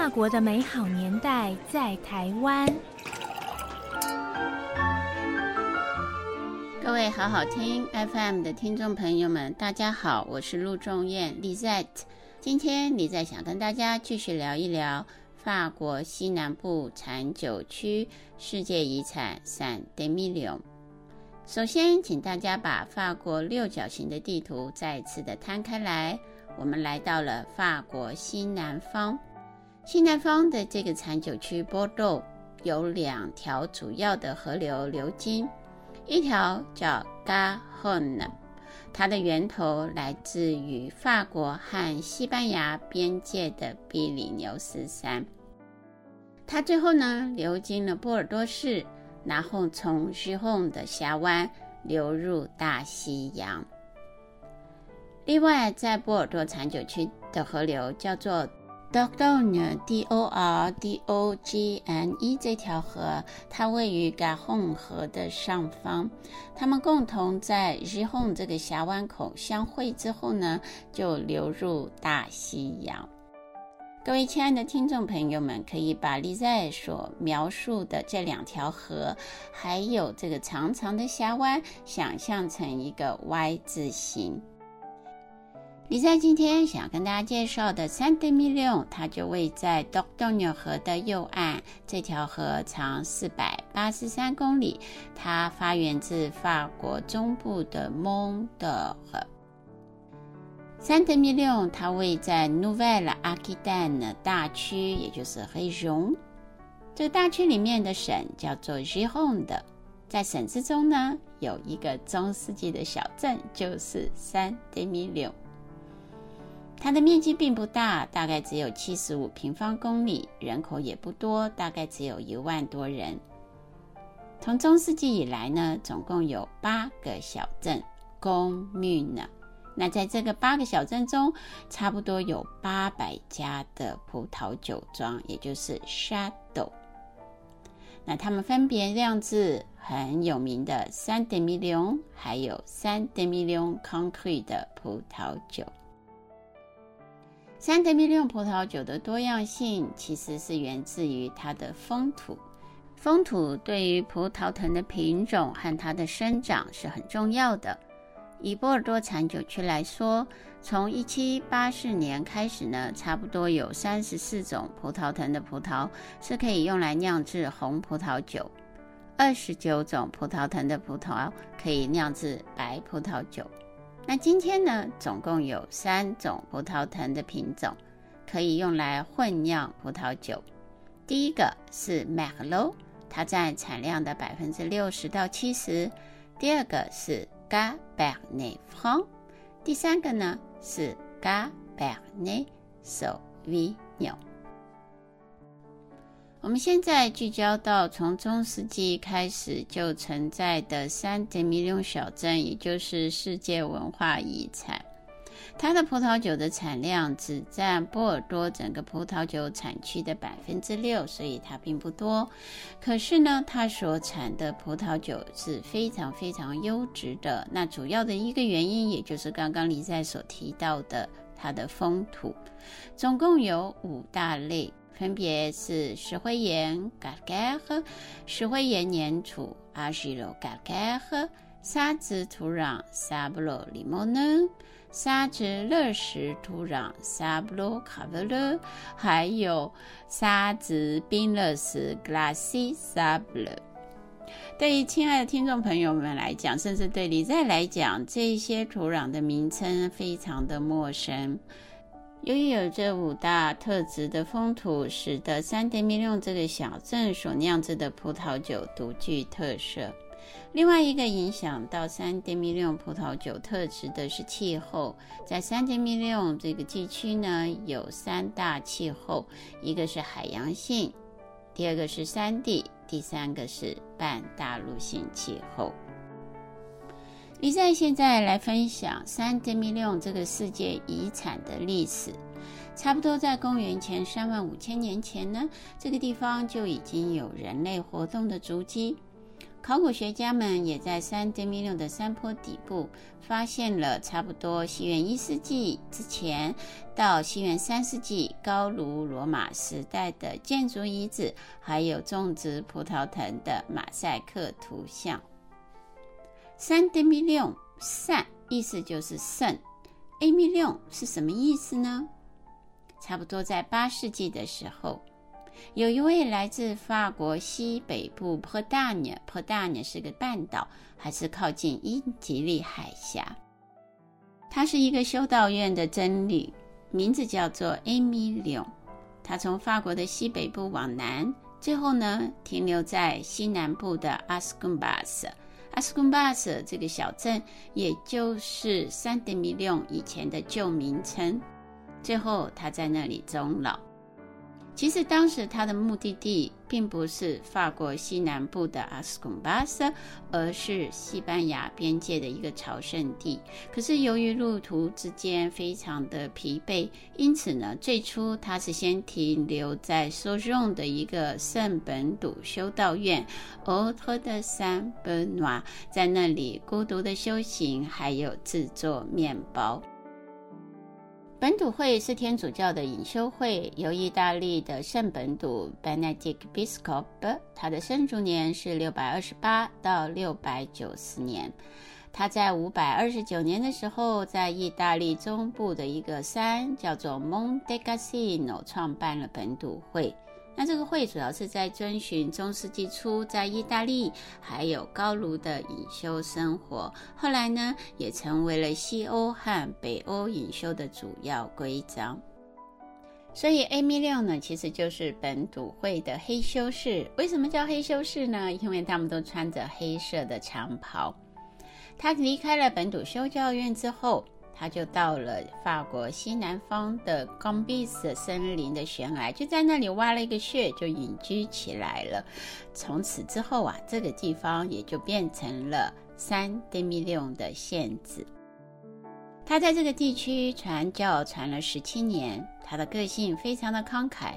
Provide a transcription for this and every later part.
法國的美好年代在台灣。各位好好聽 FM 的聽眾朋友們，大家好，我是陸仲燕 Lizette。今天 Lizette 想跟大家繼續聊一聊法國西南部產酒區世界遺產 Saint-Émilion。首先，請大家把法國六角形的地圖再次的攤開來。我們來到了法國西南方。西南方的這個產酒區波爾多有兩條主要的河流流經，一條叫加龍河，它的源頭來自於法國和西班牙邊界的比利牛斯山，它最後呢流經了波爾多市，然後從徐洪的峽灣流入大西洋。另外，在波爾多產酒區的河流叫做。Dordogne, d o r d o、g、n d o r d o g n e 這條河，它位於加龍、ah、河的上方，它們共同在 Gironde 這個峽灣口相會之後呢，就流入大西洋。各位親愛的聽眾朋友們，可以把 Lisa 所描述的這兩條河，還有這個長長的峽灣，想象成一個 Y 字形。你在今天想跟大家介紹的 Saint-Émilion，它就位在 Dordogne 河的右岸。這條河長四百八十三公里，它發源自法國中部的 Mont-Dore。Saint-Émilion 它位在 Nouvelle-Aquitaine 大區，也就是 Région，這大區裡面的省叫做 Gironde，在省之中呢有一個中世紀的小鎮，就是 Saint-Émilion。它的面積並不大，大概只有七十五平方公里，人口也不多，大概只有一萬多人。從中世紀以來呢，總共有八個小鎮，Commune 呢，那在這個八個小鎮中，差不多有八百家的葡萄酒莊，也就是 Château。那他們分別釀製很有名的 Saint-Émilion 還有 Saint-Émilion Concrete 的葡萄酒。Saint-Émilion 葡萄酒的多樣性其實是源自於它的風土。風土對於葡萄藤的品種和它的生長是很重要的。以波爾多產酒區來說，從一七八四年開始呢，差不多有三十四種葡萄藤的葡萄是可以用來釀制紅葡萄酒，二十九種葡萄藤的葡萄可以釀制白葡萄酒。那今天呢，總共有三種葡萄藤的品種可以用來混釀葡萄酒。第一個是梅洛，它占產量的百分之六十到七十。第二個是嘎貝爾內方。第三個呢是嘎貝爾內索維紐。我們現在聚焦到從中世紀開始就存在的 Saint-Émilion 小鎮，也就是世界文化遺產。它的葡萄酒的產量只占波爾多整個葡萄酒產區的百分之六，所以它並不多。可是呢，它所產的葡萄酒是非常非常優質的。那主要的一個原因，也就是剛剛李在所提到的，它的風土總共有五大類。分別是石灰岩戈爾蓋赫、are, 石灰岩粘土阿西羅戈爾蓋赫、砂質土壤 one, 沙布羅里莫呢、砂質、礫石土壤沙布羅卡布羅，re, 還有砂質冰、冰礫石格拉西沙布羅。對於親愛的聽眾朋友們來講，甚至對你在來講，這些土壤的名稱非常的陌生。由於有這五大特質的風土，使得三德米隆這個小鎮所釀製的葡萄酒獨具特色。另外一個影響到三德米隆葡萄酒特質的是氣候。在三德米隆這個地區呢，有三大氣候：一個是海洋性，第二個是山地，第三個是半大陸性氣候。李在現在來分享 Saint-Émilion 這個世界遺產的歷史。差不多在公元前三萬五千年前呢，這個地方就已經有人類活動的足跡。考古學家們也在 Saint-Émilion 的山坡底部發現了差不多西元一世紀之前到西元三世紀高盧羅馬時代的建築遺址，還有種植葡萄藤的馬賽克圖像。Saint-Émilion，Saint 意思就是聖。Émilion 是什麼意思呢？差不多在八世紀的時候，有一位來自法國西北部普達涅，普達涅是個半島，還是靠近英吉利海峽。他是一個修道院的僧侶，名字叫做 Émilion。他從法國的西北部往南，最後呢，停留在西南部的阿斯孔巴斯。Ascumbas 這個小鎮，也就是 Saint-Émilion 以前的舊名稱。最後，他在那裡終老。其實，當時他的目的地，並不是法國西南部的阿斯孔巴塞，而是西班牙邊界的一個朝聖地。可是由於路途之間非常的疲憊，因此呢，最初他是先停留在索松的一個聖本篤修道院——奧托的山本瓦在那裡孤獨的修行，還有制作麵包。本篤會是天主教的隱修會，由意大利的聖本篤 （Benedict Biscop） 他的生卒年是六百二十八到六百九十年。他在五百二十九年的時候，在意大利中部的一個山叫做 Monte Cassino 創辦了本篤會。那這個會主要是在遵循中世紀初在意大利還有高盧的隱修生活，後來呢也成為了西歐和北歐隱修的主要規章。所以 A 呢，艾米莉呢其實就是本篤會的黑修士。為什麼叫黑修士呢？因為他們都穿着黑色的長袍。他離開了本篤修道院之後，他就到了法國西南方的岡比斯森林的懸崖，就在那裡挖了一個穴，就隱居起來了。從此之後啊，這個地方也就變成了 Saint-Émilion 的縣子。他在這個地區傳教傳了十七年，他的個性非常的慷慨，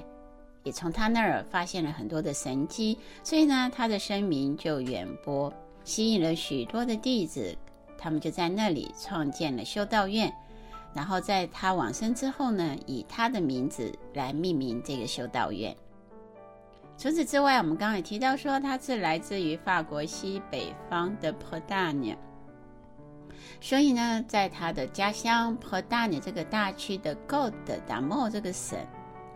也從他那兒發現了很多的神蹟，所以呢，他的聲名就遠播，吸引了許多的弟子。他們就在那裡創建了修道院，然後在他往生之後呢，以他的名字來命名這個修道院。除此之外，我們剛剛也提到說他是來自於法國西北方的 Bretagne，所以呢，在他的家鄉 Bretagne 這個大區的 Côtes-d'Armor 這個省。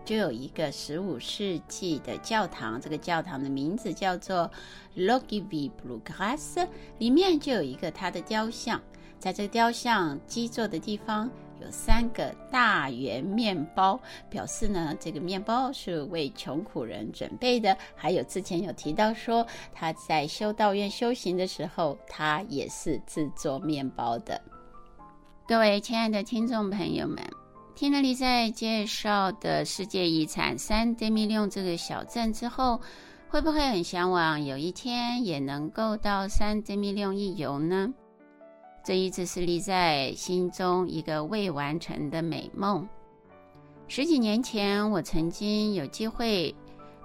就有一個十五世紀的教堂，這個教堂的名字叫做 Logivi Bluegrass，裡面就有一個他的雕像，在這個雕像基座的地方有三個大圓麵包，表示呢這個麵包是為窮苦人準備的。還有之前有提到說他在修道院修行的時候，他也是制作麵包的。各位親愛的聽眾朋友們。聽了你在介紹的世界遺產三德米利翁這個小鎮之後，會不會很向往有一天也能夠到三德米利翁一遊呢？這一直是你在心中一個未完成的美夢。十幾年前，我曾經有機會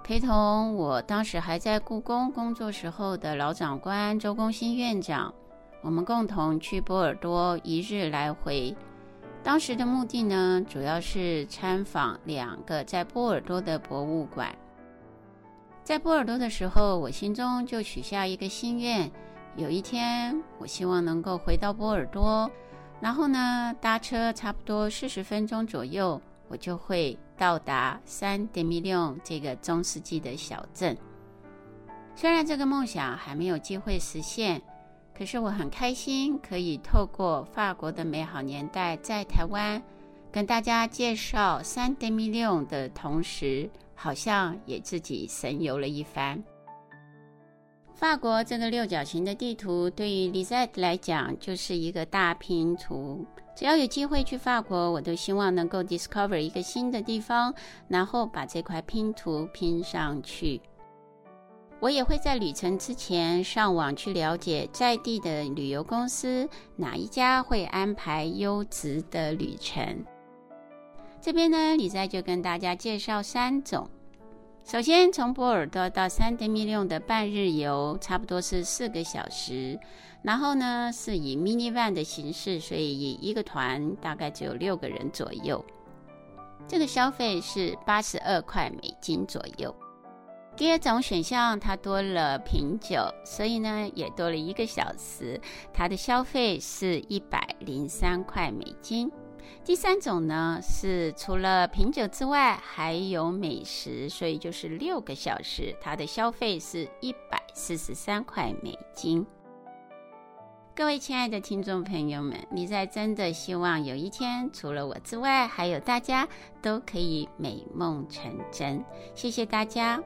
陪同我當時還在故宮工作時候的老長官周功鑫院長，我們共同去波爾多一日來回。當時的目的呢，主要是參訪兩個在波爾多的博物館。在波爾多的時候，我心中就許下一個心願：有一天，我希望能夠回到波爾多，然後呢，搭車差不多四十分鐘左右，我就會到達聖德米利昂這個中世紀的小鎮。雖然這個夢想還沒有機會實現。可是我很開心，可以透過法國的美好年代，在台灣跟大家介紹 Saint-Émilion 的同時，好像也自己神遊了一番。法國這個六角形的地圖，對於 Lisette 來講，就是一個大拼圖。只要有機會去法國，我都希望能夠 discover 一個新的地方，然後把這塊拼圖拼上去。我也會在旅程之前上網去了解在地的旅遊公司，哪一家會安排優質的旅程。這邊呢，李在就跟大家介紹三種。首先，從波爾多到 Saint-Émilion 的半日遊，差不多是四個小時。然後呢，是以 minivan 的形式，所以以一個團大概只有六個人左右。這個消費是八十二塊美金左右。第二種選項，它多了品酒，所以呢也多了一個小時，它的消費是一百零三塊美金。第三種呢是除了品酒之外還有美食，所以就是六個小時，它的消費是一百四十三塊美金。各位親愛的聽眾朋友們，你在真的希望有一天除了我之外，還有大家都可以美夢成真。謝謝大家。